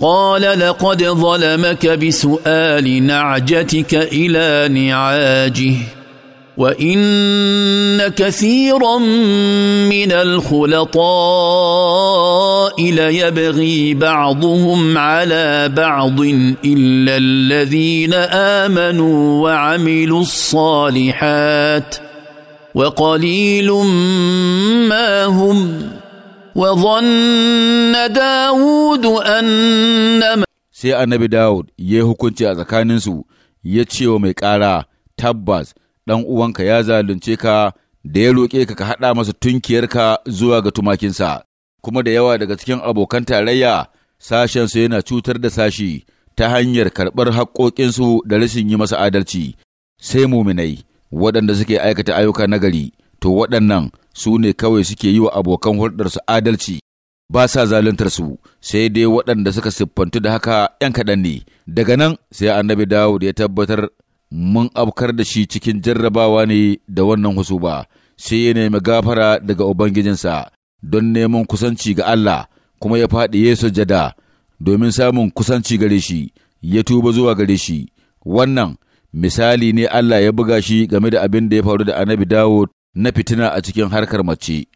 قال لقد ظلمك بسؤال نعجتك الى نعاجه وان كثيرا من الخلطاء ليبغي بعضهم على بعض الا الذين امنوا وعملوا الصالحات وقليل ما هم وظن داود sai annabi Dawud ya hukunci a tsakaninsu ya ce wa mai ƙara tabbas ɗan uwanka ya zalunce ka da ya roƙe ka ka haɗa masa tunkiyarka zuwa ga tumakinsa kuma da yawa daga cikin abokan tarayya sashensu yana cutar da sashi ta hanyar karɓar haƙoƙinsu da rashin yi masa adalci sai muminai waɗanda suke aikata ayyuka nagari to waɗannan su ne kawai suke yi wa abokan hulɗarsu adalci ba sa zaluntar su sai dai waɗanda suka siffantu da haka ‘yan kaɗan ne daga nan sai annabi dawud ya tabbatar mun afkar da shi cikin jarrabawa ne da wannan husuba sai ya nemi gafara daga ubangijinsa don neman kusanci ga Allah kuma ya faɗi ya sujada domin samun kusanci gare shi ya tuba zuwa gare shi wannan misali ne Allah ya buga shi game da abin da ya faru da annabi Dawud na fitina a cikin harkar mace